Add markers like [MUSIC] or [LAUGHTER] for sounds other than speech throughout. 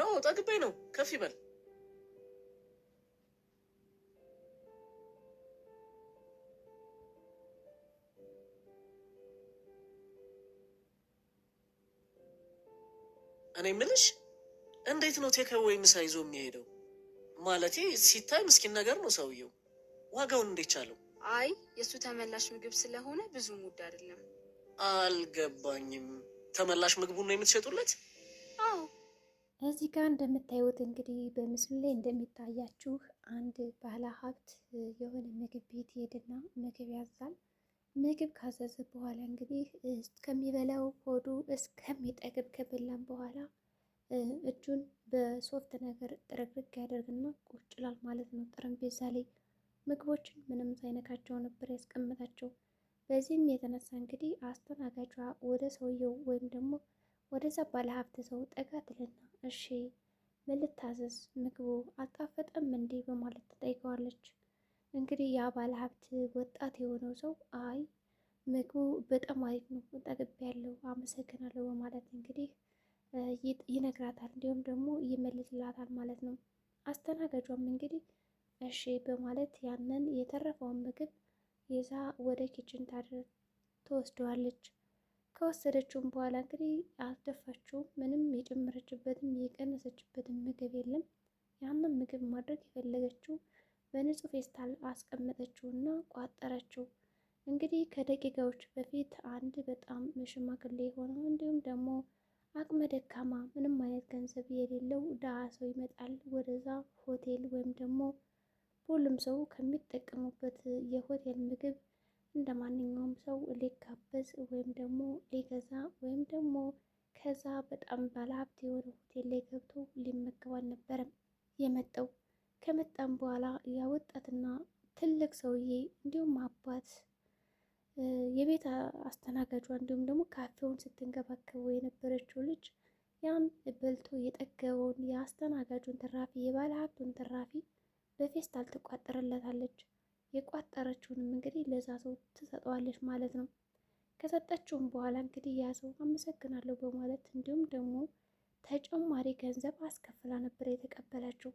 ነው። ጠግቤ ነው። ከፍ ይበል። እኔ ምልሽ እንዴት ነው ወይ ምሳ ይዞ የሚሄደው? ማለቴ ሲታይ ምስኪን ነገር ነው ሰውየው። ዋጋውን እንዴት ቻለው? አይ የእሱ ተመላሽ ምግብ ስለሆነ ብዙም ውድ አይደለም። አልገባኝም። ተመላሽ ምግቡን ነው የምትሸጡለት? አዎ እዚህ ጋር እንደምታዩት እንግዲህ በምስሉ ላይ እንደሚታያችሁ አንድ ባለ ሀብት የሆነ ምግብ ቤት ይሄድና ምግብ ያዛል። ምግብ ካዘዘ በኋላ እንግዲህ እስከሚበላው ሆዱ እስከሚጠግብ ከበላም በኋላ እጁን በሶፍት ነገር ጥርግርግ ያደርግና ቁጭ ይላል ማለት ነው። ጠረጴዛ ላይ ምግቦችን ምንም ሳይነካቸው ነበር ያስቀምጣቸው። በዚህም የተነሳ እንግዲህ አስተናጋጇ ወደ ሰውየው ወይም ደግሞ ወደዛ ባለ ሀብት ሰው ጠጋ ትልና እሺ ምን ልታዘዝ ምግቡ አቃፈጠም እንዴ በማለት ትጠይቀዋለች። እንግዲህ ያ ባለ ሀብት ወጣት የሆነው ሰው አይ ምግቡ በጣም አሪፍ ነው ያለው አመሰግናለሁ በማለት እንግዲህ ይነግራታል። እንዲሁም ደግሞ ይመልስላታል ማለት ነው። አስተናጋጇም እንግዲህ እሺ በማለት ያንን የተረፈውን ምግብ ይዛ ወደ ኪችን ታድር ትወስደዋለች። ከወሰደችውም በኋላ እንግዲህ አልደፋችውም። ምንም የጨመረችበትም የቀነሰችበትም ምግብ የለም። ያንን ምግብ ማድረግ የፈለገችው በንጹህ ፌስታል አስቀመጠችው እና ቋጠረችው። እንግዲህ ከደቂቃዎች በፊት አንድ በጣም ሽማግሌ የሆነው እንዲሁም ደግሞ አቅመ ደካማ ምንም አይነት ገንዘብ የሌለው ዳ ሰው ይመጣል። ወደዛ ሆቴል ወይም ደግሞ ሁሉም ሰው ከሚጠቀሙበት የሆቴል ምግብ እንደ ማንኛውም ሰው ሊጋበዝ ወይም ደግሞ ሊገዛ ወይም ደግሞ ከዛ በጣም ባለሀብት የሆነ ሆቴል ላይ ገብቶ ሊመገብ አልነበረም የመጣው። ከመጣም በኋላ ያ ወጣትና ትልቅ ሰውዬ እንዲሁም አባት የቤት አስተናጋጇ እንዲሁም ደግሞ ካፌውን ስትንከባከበው የነበረችው ልጅ ያን በልቶ የጠገበውን የአስተናጋጁን ትራፊ የባለሀብቱን ሀብቱን ትራፊ በፌስታል ትቋጥርለታለች። የቋጠረችውንም እንግዲህ ለዛ ሰው ትሰጠዋለች ማለት ነው። ከሰጠችውም በኋላ እንግዲህ ያ ሰው አመሰግናለሁ በማለት እንዲሁም ደግሞ ተጨማሪ ገንዘብ አስከፍላ ነበር የተቀበለችው።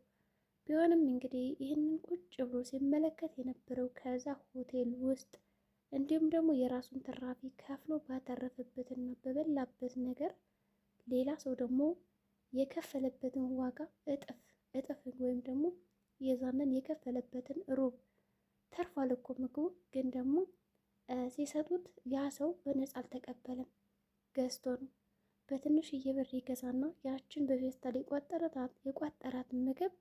ቢሆንም እንግዲህ ይህንን ቁጭ ብሎ ሲመለከት የነበረው ከዛ ሆቴል ውስጥ እንዲሁም ደግሞ የራሱን ትራፊ ከፍሎ ባተረፈበትና በበላበት ነገር ሌላ ሰው ደግሞ የከፈለበትን ዋጋ እጥፍ እጥፍ ወይም ደግሞ የዛንን የከፈለበትን ሩብ ተርፏል እኮ ምግቡ። ግን ደግሞ ሲሰጡት ያ ሰው በነፃ አልተቀበለም፣ ገዝቶ ነው በትንሽ እየብር ይገዛና ያችን በፌስታል የቋጠራት ምግብ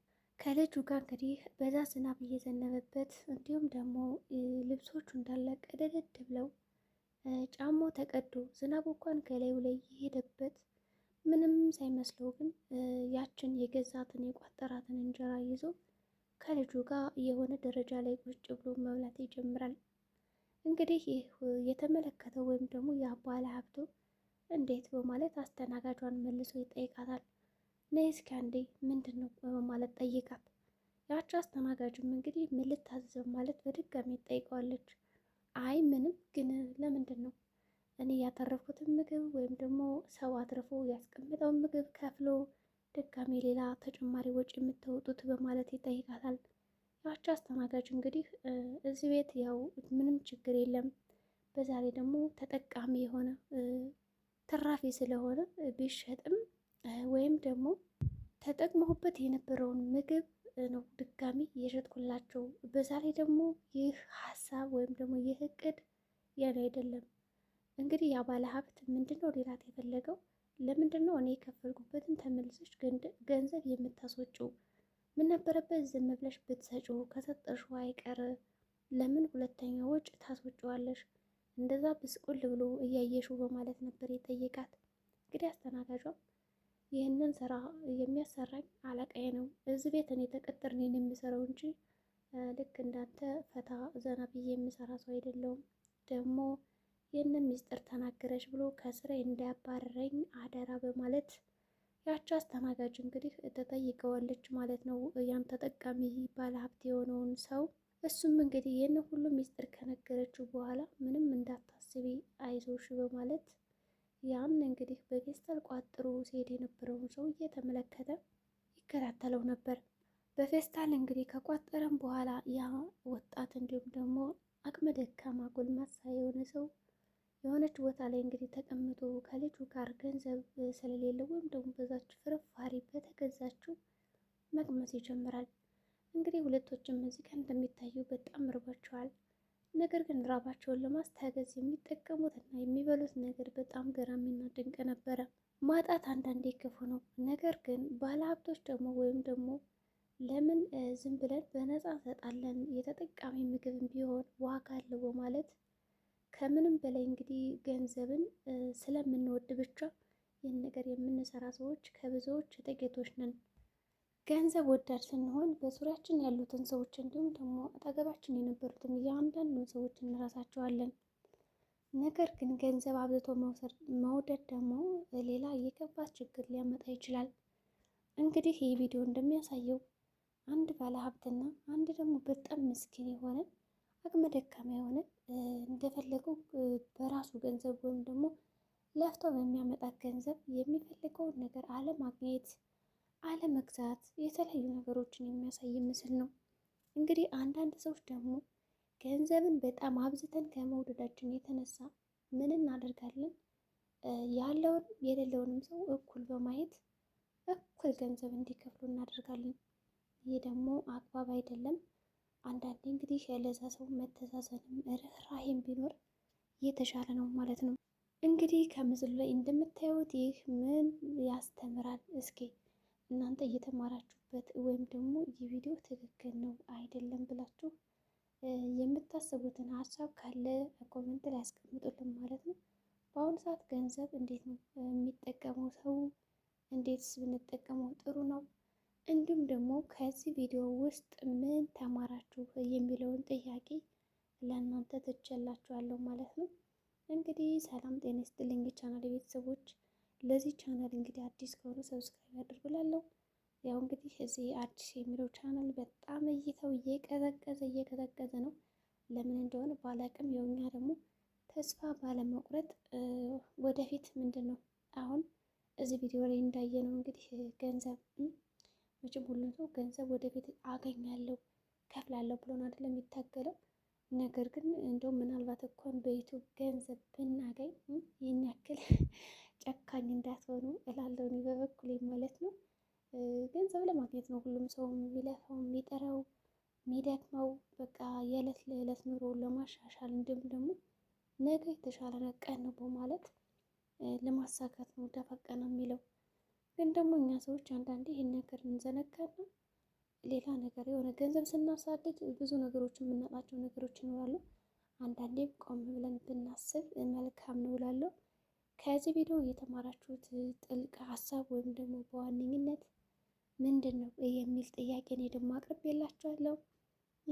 ከልጁ ጋር እንግዲህ በዛ ዝናብ እየዘነበበት እንዲሁም ደግሞ ልብሶቹ እንዳለ ቀደደድ ብለው ጫማው ተቀዶ ዝናቡ እንኳን ከላዩ ላይ የሄደበት ምንም ሳይመስለው ግን ያችን የገዛትን የቋጠራትን እንጀራ ይዞ ከልጁ ጋር የሆነ ደረጃ ላይ ቁጭ ብሎ መብላት ይጀምራል። እንግዲህ ይህ የተመለከተው ወይም ደግሞ ያ ባለ ሀብቱ እንዴት በማለት አስተናጋጇን መልሶ ይጠይቃታል። ነይ እስኪ አንዴ ምንድን ነው በማለት ጠይቃት። ያቺ አስተናጋጅም እንግዲህ ምን ልታዘዘው ማለት በድጋሚ ጠይቀዋለች። አይ ምንም፣ ግን ለምንድን ነው እኔ ያተረፍኩትን ምግብ ወይም ደግሞ ሰው አትርፎ ያስቀምጠውን ምግብ ከፍሎ ድጋሜ ሌላ ተጨማሪ ወጪ የምታወጡት በማለት ይጠይቃታል። ያቺ አስተናጋጅ እንግዲህ እዚህ ቤት ያው ምንም ችግር የለም፣ በዛሬ ደግሞ ተጠቃሚ የሆነ ትራፊ ስለሆነ ቢሸጥም ወይም ደግሞ ተጠቅመሁበት የነበረውን ምግብ ነው ድጋሚ የሸጥኩላቸው። በዛሬ ደግሞ ይህ ሀሳብ ወይም ደግሞ ይህ እቅድ የኔ አይደለም። እንግዲህ ያ ባለ ሀብት ምንድን ነው ሌላት የፈለገው ለምንድን ነው እኔ የከፈልኩበትን ተመልሰሽ ገንዘብ የምታስወጪው? ምን ነበረበት ዝም ብለሽ ብትሰጪው? ከሰጠሽው አይቀር ለምን ሁለተኛ ወጪ ታስወጪዋለሽ? እንደዛ ብስቁል ብሎ እያየሽው በማለት ነበር የጠየቃት። እንግዲህ አስተናጋጇም ይህንን ስራ የሚያሰራኝ አለቃዬ ነው። እዚህ ቤት እኔ ተቀጥር ነው የምሰራው እንጂ ልክ እንዳንተ ፈታ ዘና ብዬ የምሰራ ሰው አይደለውም ደግሞ ይህንን ምስጢር ተናገረች ብሎ ከስራ እንዳያባረረኝ አደራ በማለት ያቺ አስተናጋጅ እንግዲህ ተጠይቀዋለች ማለት ነው። ያም ተጠቃሚ ባለ ሀብት የሆነውን ሰው እሱም እንግዲህ ይህንን ሁሉ ምስጢር ከነገረችው በኋላ ምንም እንዳታስቢ አይዞሽ በማለት ያም እንግዲህ በፌስታል ቋጥሮ ሲሄድ የነበረውን ሰው እየተመለከተ ይከታተለው ነበር። በፌስታል እንግዲህ ከቋጠረም በኋላ ያ ወጣት እንዲሁም ደግሞ አቅመ ደካማ ጎልማሳ የሆነ ሰው የሆነች ቦታ ላይ እንግዲህ ተቀምጦ ከልጁ ጋር ገንዘብ ስለሌለው ወይም ደግሞ በዛች ፍርፋሪ በተገዛችው መቅመስ ይጀምራል። እንግዲህ ሁለቶችም እዚህ ጋር እንደሚታየው በጣም ርባቸዋል። ነገር ግን ራባቸውን ለማስታገዝ የሚጠቀሙትና የሚበሉት ነገር በጣም ገራሚና ድንቅ ነበረ። ማጣት አንዳንዴ ክፉ ነው። ነገር ግን ባለሀብቶች ደግሞ ወይም ደግሞ ለምን ዝም ብለን በነፃ እንሰጣለን የተጠቃሚ ምግብ ቢሆን ዋጋ አለው በማለት ከምንም በላይ እንግዲህ ገንዘብን ስለምንወድ ብቻ ይህን ነገር የምንሰራ ሰዎች ከብዙዎች ጥቂቶች ነን። ገንዘብ ወዳድ ስንሆን በዙሪያችን ያሉትን ሰዎች እንዲሁም ደግሞ አጠገባችን የነበሩትን እያንዳንዱን ሰዎች እንረሳቸዋለን። ነገር ግን ገንዘብ አብዝቶ መውደድ ደግሞ ሌላ የከፋ ችግር ሊያመጣ ይችላል። እንግዲህ ይህ ቪዲዮ እንደሚያሳየው አንድ ባለ ሀብትና አንድ ደግሞ በጣም ምስኪን የሆነ አቅመ ደካማ የሆነ እንደፈለገው በራሱ ገንዘብ ወይም ደግሞ ለፍቶ በሚያመጣት ገንዘብ የሚፈልገውን ነገር አለማግኘት፣ አለመግዛት የተለያዩ ነገሮችን የሚያሳይ ምስል ነው። እንግዲህ አንዳንድ ሰዎች ደግሞ ገንዘብን በጣም አብዝተን ከመውደዳችን የተነሳ ምን እናደርጋለን? ያለውን የሌለውንም ሰው እኩል በማየት እኩል ገንዘብ እንዲከፍሉ እናደርጋለን። ይህ ደግሞ አግባብ አይደለም። አንዳንዴ እንግዲህ ለዛ ሰው መተዛዘንም ርህራሄም ቢኖር የተሻለ ነው ማለት ነው። እንግዲህ ከምስሉ ላይ እንደምታዩት ይህ ምን ያስተምራል? እስኪ እናንተ እየተማራችሁበት ወይም ደግሞ የቪዲዮ ትክክል ነው አይደለም ብላችሁ የምታስቡትን ሀሳብ ካለ ኮሜንት ላይ ያስቀምጡልን ማለት ነው። በአሁኑ ሰዓት ገንዘብ እንዴት ነው የሚጠቀመው ሰው? እንዴትስ ብንጠቀመው ጥሩ ነው? እንዲሁም ደግሞ ከዚህ ቪዲዮ ውስጥ ምን ተማራችሁ የሚለውን ጥያቄ ለእናንተ ትቼላችኋለሁ ማለት ነው። እንግዲህ ሰላም ጤና ይስጥልኝ የቻናል ቤተሰቦች። ለዚህ ቻናል እንግዲህ አዲስ ከሆኑ ሰብስክራይብ ያደርጉላለሁ። ያው እንግዲህ እዚህ አዲስ የሚለው ቻናል በጣም እይታው እየቀዘቀዘ እየቀዘቀዘ ነው። ለምን እንደሆነ ባላቅም፣ የኛ ደግሞ ተስፋ ባለመቁረጥ ወደፊት ምንድን ነው አሁን እዚህ ቪዲዮ ላይ እንዳየነው እንግዲህ ገንዘብ መቼም ሁሉም ሰው ገንዘብ ወደፊት አገኛለሁ ከፍላለሁ ብሎን አይደለም የሚታገለው። ነገር ግን እንደው ምናልባት እንኳን በዩቱብ ገንዘብ ብናገኝ ይህን ያክል [LAUGHS] ጨካኝ እንዳትሆኑ እላለሁ እኔ በበኩሌ ማለት ነው። ገንዘብ ለማግኘት ነው ሁሉም ሰው የሚለፋው የሚጠራው የሚደክመው በቃ የዕለት ለዕለት ኑሮውን ለማሻሻል እንዲሁም ደግሞ ነገ የተሻለ ቀን ነው በማለት ለማሳካት ነው ደፋ ቀና የሚለው። ግን ደግሞ እኛ ሰዎች አንዳንዴ ይህን ነገር እንዘነጋለን። ሌላ ነገር የሆነ ገንዘብ ስናሳድግ ብዙ ነገሮችን የምናጣቸው ነገሮች ይኖራሉ። አንዳንዴም ቆም ብለን ብናስብ መልካም ነው እላለሁ። ከዚህ ቪዲዮ የተማራችሁት ጥልቅ ሀሳብ ወይም ደግሞ በዋነኝነት ምንድን ነው የሚል ጥያቄ እኔ ደግሞ አቅርቤላችኋለሁ።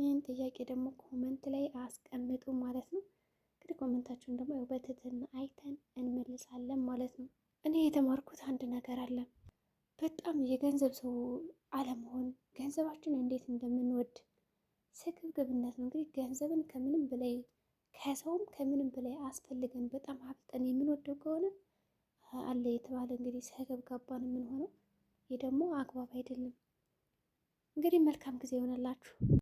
ይህን ጥያቄ ደግሞ ኮመንት ላይ አስቀምጡ ማለት ነው። እንግዲህ ኮመንታችሁን ደግሞ በትህትና አይተን እንመልሳለን ማለት ነው። እኔ የተማርኩት አንድ ነገር አለ። በጣም የገንዘብ ሰው አለመሆን ገንዘባችን እንዴት እንደምንወድ ስግብግብነት ነው። እንግዲህ ገንዘብን ከምንም በላይ ከሰውም ከምንም በላይ አስፈልገን በጣም አብጠን የምንወደው ከሆነ አለ የተባለ እንግዲህ ሰገብጋባን የምንሆነው ይህ ደግሞ አግባብ አይደለም። እንግዲህ መልካም ጊዜ ይሆነላችሁ።